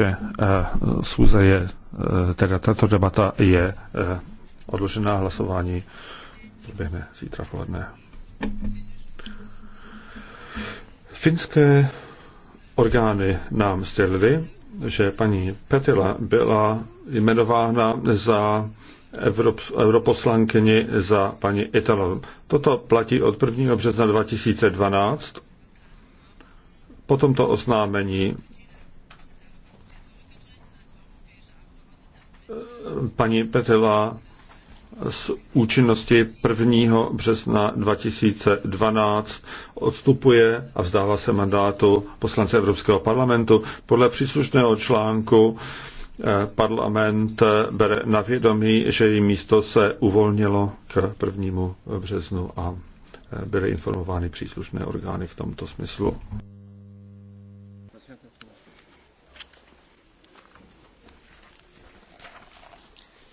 Eh, schůze je, eh, teda tato debata je eh, odložená hlasování proběhne zítra v poledne. Finské orgány nám sdělily, že paní Petila byla jmenována za europoslankyni za paní Italo. Toto platí od 1. března 2012. Po tomto oznámení paní Petela z účinnosti 1. března 2012 odstupuje a vzdává se mandátu poslance Evropského parlamentu. Podle příslušného článku eh, parlament eh, bere na vědomí, že její místo se uvolnilo k 1. březnu a eh, byly informovány příslušné orgány v tomto smyslu.